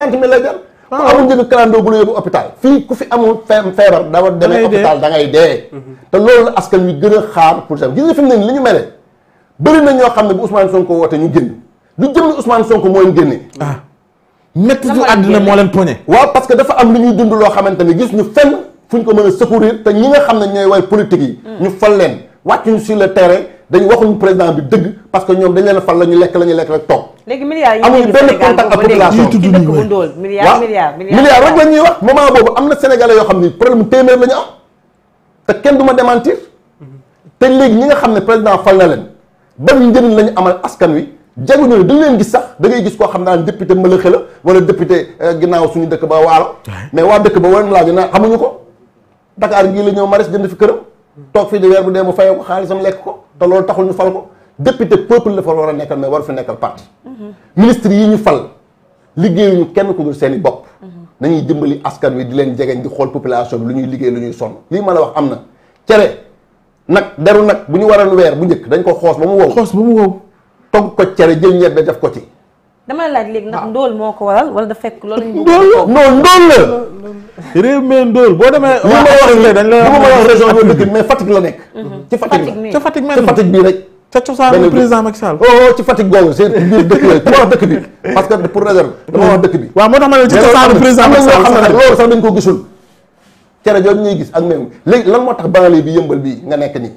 cinq mille lay jar ku amul njëkk fi amul feebar dama demee hôpital da ngay dee mhm. te loolu la askan wi gën a xaar pour gis nga fi mu ne li ñu mel ne bëri na ñoo xam ne bu Ousmane Sonko woote ñu génn lu jëm ni Ousmane Sonko moo ah. àddina moo leen poñe waaw parce que dafa am lu ñuy dund loo xamante ne gis ñu fenn fuñ ko mën a secourir te ñi nga xam ne ñooy way politique yi mm. ñu fal leen wàccuñu sur le terrain dañ waxuñu président bi dëgg parce ñoom dañ leen fal la ñu lekk la ñu lekk rek toog léegi milliards yi amuñu benn contact ak population yi tudd nii waaw milliards milliards rek la ñuy wax boobu am na sénégalais yoo xam ni kenn du ma démentir te léegi ñi nga xam ne président fal na leen ban njëriñ la ñu amal askan wi jaguñu ne dañ leen gis sax da ngay gis koo xam naan député Mbëlëxe la wala député euh, ginnaaw suñu dëkk ba waalo mais waa dëkk ba wala laa gi naa xamuñu ko Dakar ngii la ñëw maris jënd fi këram mm. toog fii di weer bu dee mu fayoo xaalisam lekk ko te loolu taxul ñu fal ko député peuple la fa war a nekkal mais war fi nekkal parti. ministre yi ñu fal liggéeyuñu kenn ku dul seen i bopp. nañuy dimbali askan wi di leen jegeñ di xool population bi lu ñuy liggéey lu ñuy sonn lii ma la wax am na cere nag deru nag bu ñu waroon weer bu njëkk dañ ko xoos ba mu wow. xoos ba mu wow. togg ko cere jël ñebe def ko ci. dama laaj léegi ndax ndóol moo ko waral wala dafa fekk loolu. ndóol la non ndóol la. réew mi ndóol boo demee. li ma wax ca cosaanu président Macky Sall. Oh, oh ci Fatick googu seen biir dëkk yooyu dama wax dëkk bi pour réserve dama wax dëkk bi. waaw moo tax ma ne ci cosaanu président Macky loolu sax dañ ko gisul. cere jooju ñuy gis ak même léegi lan moo tax banlieue bi yëmbal bi nga nekk nii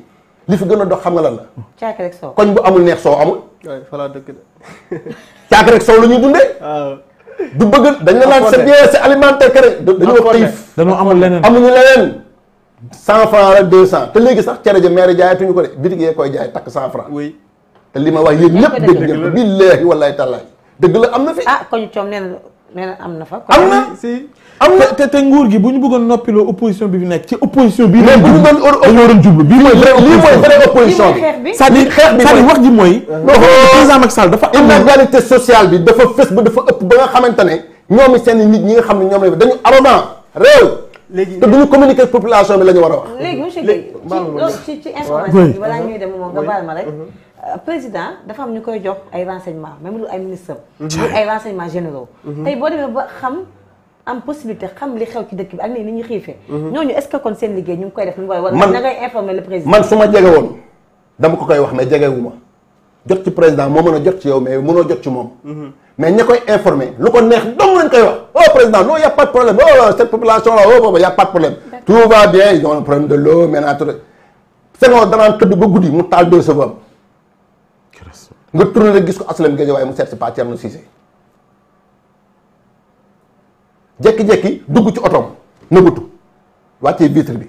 li fi gën a dox xam nga la la. caak rek soow koñ bu amul neex soow amul. waaw dëkk de. caak rek soow la ñuy dundee. du bëgg dañ la naan c'est bien c'est alimentaire dañoo xiif dañoo amul leneen amuñu leneen cent franc la deux cent te léegi sax cere ja meere jaayatuñu ko de bitig yee koy jaay takk cent te li ma wax yéen ñëpp dégg ngeen ko billaahi wallaahi tallaahi dëgg la am na fi. ah koñu coom am na fa. am na si am na te te nguur gi bu ñu bëggoon noppiloo opposition bi fi nekk ci opposition bi mais bu ñu doon dañoo doon jublu bii mooy. lii mooy opposition bi c'est-à-dire xeex bi mooy wax ji mooy. Oh. président Macky Sall dafa am inégalité sociale bi dafa fës ba dafa ëpp ba nga xamante ne ñoom seen nit ñi nga xam ne ñoom la dañu arrogant réew léegi te bu ñu communiquer population bi la war a wax. léegi monsieur Guèye ci ci information bi balaa ñuy dem moom nga baal ma rek. Mhm. Euh, président dafa am ñu koy jox ay renseignements même lu ay ministres am. Mhm. ay renseignements généraux. Mhm. tey boo demee ba xam am possibilité xam li xew ci dëkk ñu xiifee. ñooñu est-ce que kon ñu ngi koy def lu mu war. man na ngay su ma jege woon dama ko koy wax mais jege wu ma jot ci président moo mën a jot ci yow mais mënoo jot ci moom. mais ña koy informer lu ko neex dong lañ koy wax. Oh président, non, il n'y a pas de problème. Oh, cette population-là, oh, il n'y pas problème. Tout va bien, ils problème de l'eau, mais C'est non, dans le de Bogoudi, mon tal de ce homme. Nga tourné gis ko Aslem Guédiawaye mu seet si Pa Thierno Cissé. Jékki-jékki dugg ci otoom nëbatu wàccee vitre bi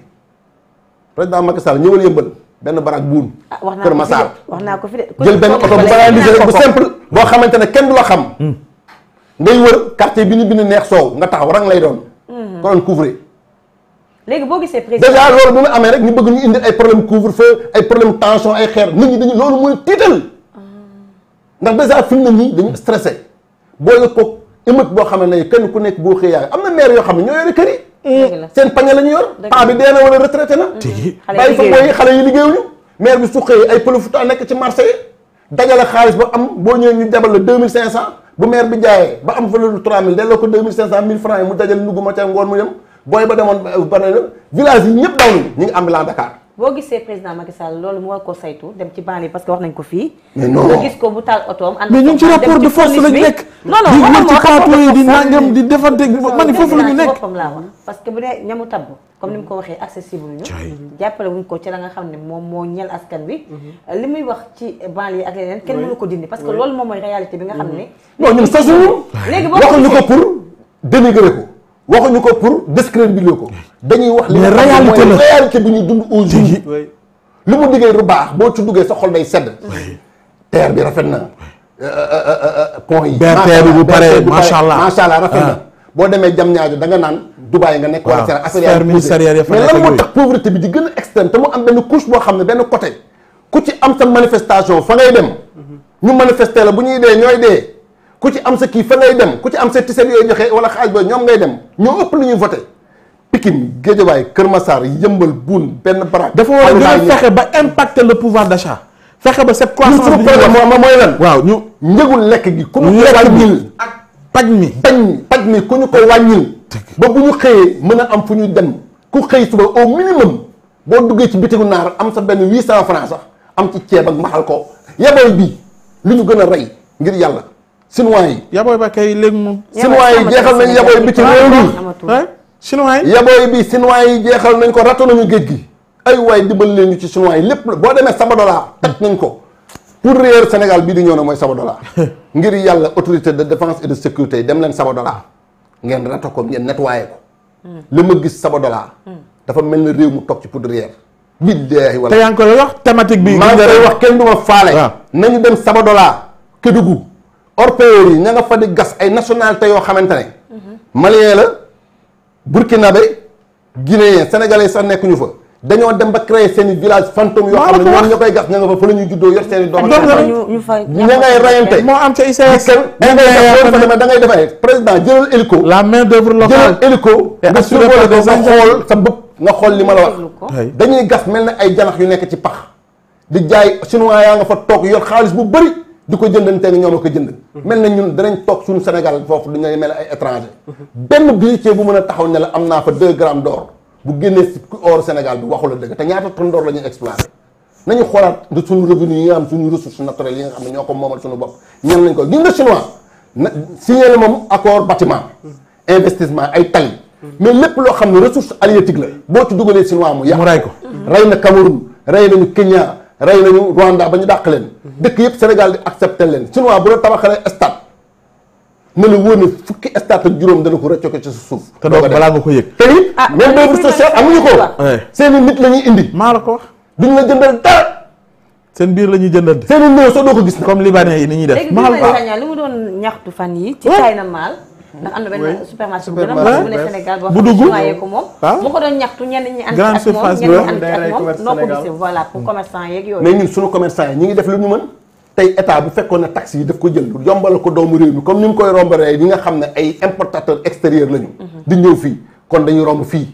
président Macky Sall ñëwal yëmbal benn baraak buun. Ah, Kër Massar wax naa ko fi de. jël benn bu banalisé bu simple boo xamante ne kenn du la xam. Hmm. ngay wër quartier bi ñu bind neex soow nga taxaw rang lay doon. Mhm. konoon couvrir. léegi boo gisee président déjà loolu bu mu amee rek ñu bëgg ñu indi ay problème couvre-feu ay problème tension ay xeer nit ñi dañu loolu mooy tiital. Ah. ndax fi mu ne nii dañu stressé boole ko émeute boo xam ne kenn ku nekk boo xëy yaa am na maire yoo xam ne ñoo yore kër yi. seen pañe la ñu yor. paa bi dee na wala retraité na. Mhm. bàyyi fa booy xale yi liggéeyuñu. maire bi su xëyee ay pël futa nekk ci marché yi xaalis ba am boo ñëwee ñu jabal la deux mille cinq cent bu maire bi jaayee ba am valeur 3000 delloo ko 2500 1000 francs yi mu dajal ndugg ma ca ngoon mu dem booy ba demoon euh, ba village yi ñëpp daw nañu ñu ngi ambulant Dakar boo gisee président Macky Sall loolu mu war ko saytu dem ci baan yi parce que wax nañ ko fii. mais non nga gis ko bu taal otoom. ànd mais ñu ci rapport de force lañu nekk. non non laa wax parce que comme ni mu ko waxee accessible ñu. jàppale wuñ la nga xam ne moom moo ñel askan wi. Mhm. li muy wax ci banlieue yi ak leneen kenn mënu ko dindi parce que loolu moom mooy réalité bi nga xam ne. Mhm. non ñun sax léegi boo waxuñu ko pour dénigrer ko waxuñu ko pour discrédibiliser ko. dañuy wax li réalité la réalité bi ñu dund aujourd'hui. lu mu liggéey lu baax boo ci duggee sa xol day sedd. terre bi rafet na. Euh, euh, euh, pont yi. terre bi bu paree macha allah macha allah rafet na. Ah. boo demee jam ñaajo da nga naan Dubaay nga nekk. wala seen affaire ministériel ya moo tax pauvreté bi di gën a extrême te mu am benn couche boo xam ne benn côté ku ci am sa manifestation fa ngay dem. ñu manifester la bu ñuy dee ñooy dee. ku ci am sa kii fa ngay dem ku ci am sa tiseel yooyu joxe wala xaaj boobu ñoom ngay dem ñoo ëpp lu ñuy voté Pikine Guédiawaye Kër Massar Yëmbal Boune benn baraak. dafa war a gën a fexe ba impacter le pouvoir d'achat. fexe ba set cette croissance ma mooy lan. waaw ñu njëgul lekk gi. ku ñu ko wàññil ak paj mi. paj mi paj mi ku ñu ko wàññil. ba bu ñu xëyee mën a am fu ñuy dem ku xëy suba au minimum boo duggee ci bitigu naar am sa benn 800 francs sax am ci ceeb ak maxal ko yebal bi lu ñu gën a rey ngir yàlla chinois yi. yaboy ba kay léegi moom. chinois yi jeexal nañ yaboy bi ci ko rato nañu géej gi. ay waay dimbal leen ñu ci chinois yi lépp boo demee Sabadola teg nañ ko pour réer Sénégal bii di ñëw na mooy Sabadola ngir yàlla autorité de défense et de sécurité yi dem leen Sabadola ngeen rato ko ngeen nettoyé ko. Hmm. li ma gis Sabadola. Hmm. dafa mel ni réew mu toog ci poudrière. billaahi wala te yaa ngi koy wax thématique bi. maa ngi koy wax kenn du ma faale. Ah. nañu dem Sabadola orpailleurs yi ña nga fa di gas ay nationalité yoo xamante ne malien la burkinabé guinéen sénégalais sax nekkuñu fa dañoo dem ba créer seen i village fantôme yoo xam ne ñoom ñoo koy gas ña nga fa fa la ñuy juddoo yor i doom ña ngay rayante moo am ca ICS ngay def fa demee da ngay defee président jëlal hélico la main d'œuvre locale jëlal hélico nga survolé ko nga xool sa bëpp nga xool li ma la wax dañuy gas mel ne ay janax yu nekk ci pax di jaay chinois yaa nga fa toog yor xaalis bu bëri di ko jëndante ni ñoom a ko jënd mel na ñun danañ toog suñu Sénégal foofu du ngay mel ay étranger benn bijoutier bu mën a taxaw ne la am naa fa deux grammes d'or bu génnee si or Sénégal bi waxu la dëgg te ñaata tonne d'or la ñuy nañu xoolaat suñu revenu yi nga xam suñu ressources naturelles yi nga xam ne ñoo ko moomal suñu bopp ñan lañ ko gis nga chinois moom accord bâtiment investissement ay tali mais lépp loo xam ne ressource halieutique la boo ci dugalee chinois mu yàq ko rey na rey nañu Rwanda ba ñu dàq leen. dëkk yëpp Sénégal di accepté leen chinois bu la tabaxalee stade ne la wóor ne fukki stade ak juróom dana ko rëcc ko su suuf. te doo balaa nga ko yëg. te it ah, seen i nit la indi. maa la ko wax duñ la jëndal dara. seen biir la ñuy jëndal de. seen i néew soo doo ko gis. comme libanais yi ni ñuy def. maa la ko wax mu doon ñaxtu fan yi ci China Mall na benn bu gën a mag bu ne Sénégal ne waaye ko moom mu ah. ko doon ñaxtu ñenn ñi ànd ak moom ñenn ñi ànd ak moom noo ko gisee voilà pour hmm. commerçant yeeg yooyu mais ñun suñu commerçant yi ñi ngi def lu ñu mën tey état bu fekkoon ne taxe yi daf ko jël yombal ko doomu réew mi comme ni mu koy rombalee ñi nga xam ne ay importateur extérieur lañu hmm. di ñëw fii kon dañuy romb fii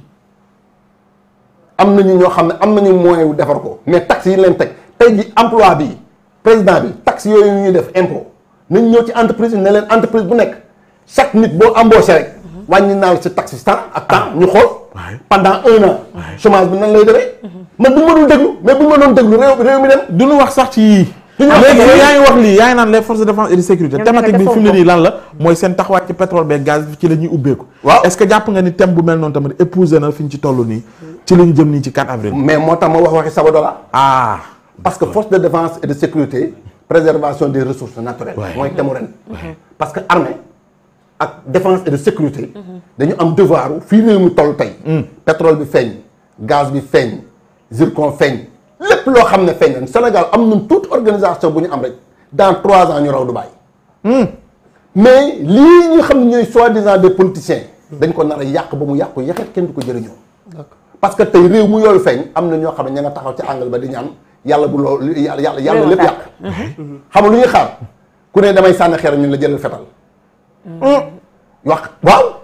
am nañu ñoo xam ne am nañu moyen wu defar ko mais tax yi leen teg tey ji emploi bi président bi taxe yooyu ñuy def impôt nañ ñëw ci entreprise ne leen entreprise bu nekk chaque nit boo embauché rek. wàññi naa la ci taxe temps ak temps ah. ñu xool. pendant un an. chômage bi nan lay demee. man bu ma doon déglu mais bu ma doon déglu réew réew mi dem. du wax sax ci yii. léegi yaa ngi wax lii yaa ngi naan les forces de défense et de sécurité thématique bi fi ne nii lan la mooy seen taxawaay ci pétrole beeg gaz ci la ñuy ubbeeku waaw est ce jàpp nga ni thème bu mel noonu tamit épousé na fi ñu ci toll nii ci la ñu jëm nii ci 4 avril mais moo tax ma wax waxi Sabadola ah parce que force de défense et de sécurité préservation des ressources naturelles mooy thème ak défense et de sécurité. dañu am devoir fii réew mi toll tey. Mm. pétrole bi feeñ gaz bi feeñ zircon feeñ lépp loo xam ne feeñ Sénégal am na toute organisation bu ñu am rek dans trois ans ñu raw Dubaï. Mm. mais lii ñu xam ne ñooy soi-disant des politiciens. dañ ko nar yàq ba mu yàqu yaxet kenn du ko jëriñoo. parce que tey réew mu yoolu feeñ am na ñoo xam ne ña nga taxaw ci àngal ba di ñaan yàlla bu loolu yàlla yàlla lépp yàq. xam lu ñuy xaar ku ne damay sànni xeer ñu la jëlal fetal. Hmm. wax waaw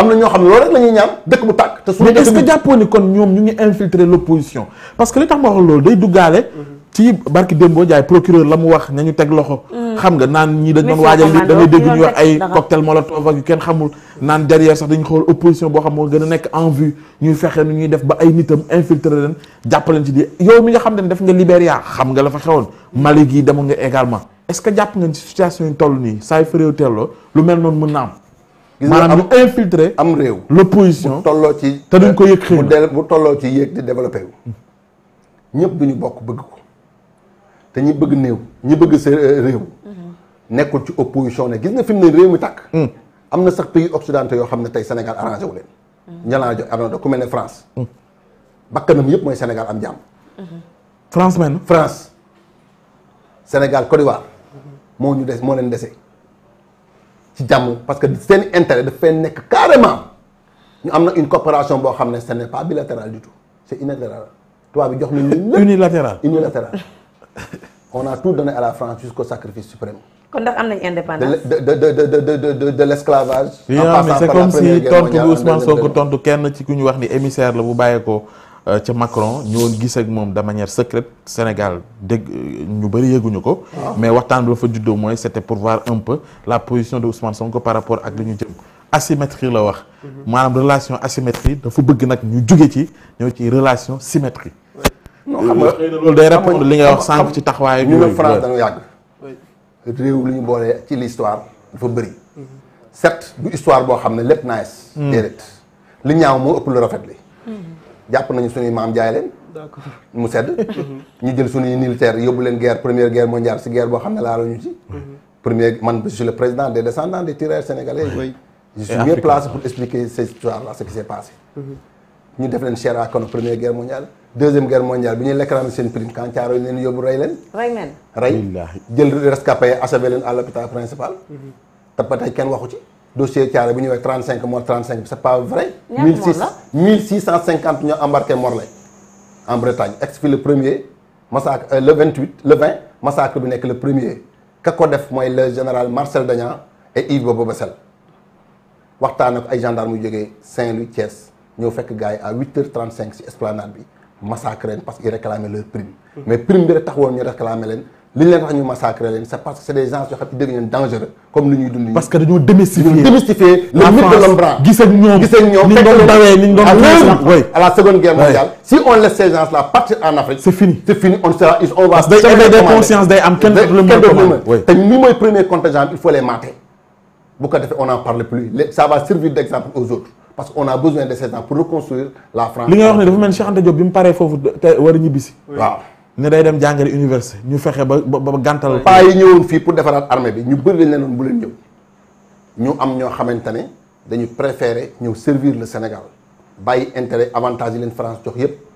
am na ñoo xam ne loolu rek la ñuy ñaan dëkk bu tàkk. te suñu dëkk jàppoo ni kon ñoom ñu ngi infiltrer l'opposition parce que li tax ma wax loolu day duggaale. ci barki Dembo Ndiaye procureur la mu wax nañu teg loxo. Hmm. xam nga naan ñi dañ doon waajal li da dégg ñu wax ay cocktail molotov ak yu kenn xamul naan derrière sax dañu xool opposition boo xam moo gën a nekk en vue ñuy fexe nu ñuy def ba ay nitam infiltrer leen jàppaleen ci di yow mi nga xam ne def nga Libéria xam nga la fa xewoon Mali gii demoon nga également est-ce que jàpp ngeen situation yi toll nii saa yu fa réew teelloo lu mel noonu mën na am. maanaam ñu infiltrer am réew. l'opposition tolloo ci. te duñ ko yëg xëy bu tolloo ci yéeg di développé wu. bu ñu bokk bëgg ko te ñi bëgg néew ñi bëgg sa euh, réew. Mm-hmm. nekkul ci opposition ne gis nga fi mu ne réew mi tàkk. Mm. am na sax pays occidentaux yoo xam ne tey Sénégal arrangé wu leen. Mm. ñalaa jox arrangé ku mel ne France. Mm. bakkanam yëpp mooy Sénégal am jàmm. Mm-hmm. France mel moo ñu des moo leen dese ci jàmm parce que seen intérêt dafay nekk carrément ñu am na une coopération boo xam ne ce n'est pas bilatéral du tout c'est unilatéral tubaab bi jox nañ leen. unilatéral unilatéral. on a tout donné à la France jusqu'au sacrifice suprême. kon ndax am nañ indépendance. de de de de de de de de l'esclavage. en passant par la première guerre mondiale c'est comme si tontu Ousmane Sonko tontu kenn ci ku ñu wax ni émissaire la bu bàyyeekoo. Euh, ca Macron ñëwoon gis ak moom de manière secrète Sénégal dégg ñu bëri yëguñu ko. Ah. mais waxtaan bi fa juddoo mooy c'était pour voir un peu la position de Ousmane Sonko par rapport ak lu ñu jëm. asymétrie la wax. Mhm. maanaam relation asymétrie dafa bëgg nag ñu juge ci ñëw ci relation symétrie. non euh, xam nga loolu day répondre li nga wax sànq ci taxawaay. ñu ne da nga yàgg. réew li ñu boolee ci l'histoire dafa bëri. Mhm. certes du histoire boo xam ne lépp nice. Mm. déedéet li ñaaw moo ëpp lu rafet li jàpp nañu suñuy maam jaay leen. d'accord mu sedd. Mhm. ñu jël suñuy militaire yóbbu leen guerre première guerre mondiale si guerre boo xam ne laaluñu ci. Mhm. premier man je suis président des descendants des tireurs sénégalais. oui je suis mieux pour expliquer cette histoire là ce qui s'est passé. Mhm. ñu def leen Sierra Leone première guerre mondiale. deuxième guerre mondiale bi ñuy lekkaram seen prime quand caaro leen yóbbu rey leen. rey leen rey jël rescapé achevé leen à l'hôpital kenn waxu ci. dossier Thiaré bu ñëwee 35 mort 35 c'est pas vrai. ñaata mort la 1650 ñoo embarqué Morlaix en Bretagne expi le premier massacre euh, le le 20 massacre bi nekk le premier ka ko def mooy le général Marcel Dagnan et Yves Bobo Bessel waxtaan ak ay gendarmes yu jógee Saint-Louis Thiès ñëw fekk gars yi à 8h35 ci esplanade bi massacre leen parce qu'ils réclamaient leur prime. Mm-hmm. mais prime bi rek taxawoon ñu réclamer leen. li ñu leen wax ñu massacré leen c'est dangereux parce que dañoo démystifier dañoo démystifier le ñoom ni ñu doon ni ñu doon la seconde guerre mondiale si on laisse ces gens là partir en Afrique c'est fini c'est fini on sera on va day éveiller des day am kenn dootul mën te ni mooy premier contingent il faut les mater bu ko defee on n'en parle plus li nga wax ne dafa mel ni Cheikh Anta Diop bi mu paree foofu te war ñibbisi ne day dem jàngale université ñu fexe ba ba gàntal. paa yi ñëwoon fii pour defaraat armée bi ñu bëri leen bu leen ñëw ñu am ñoo xamante ne dañu préféré ñëw servir le Sénégal bàyyi intérêt avantage yi leen France jox yépp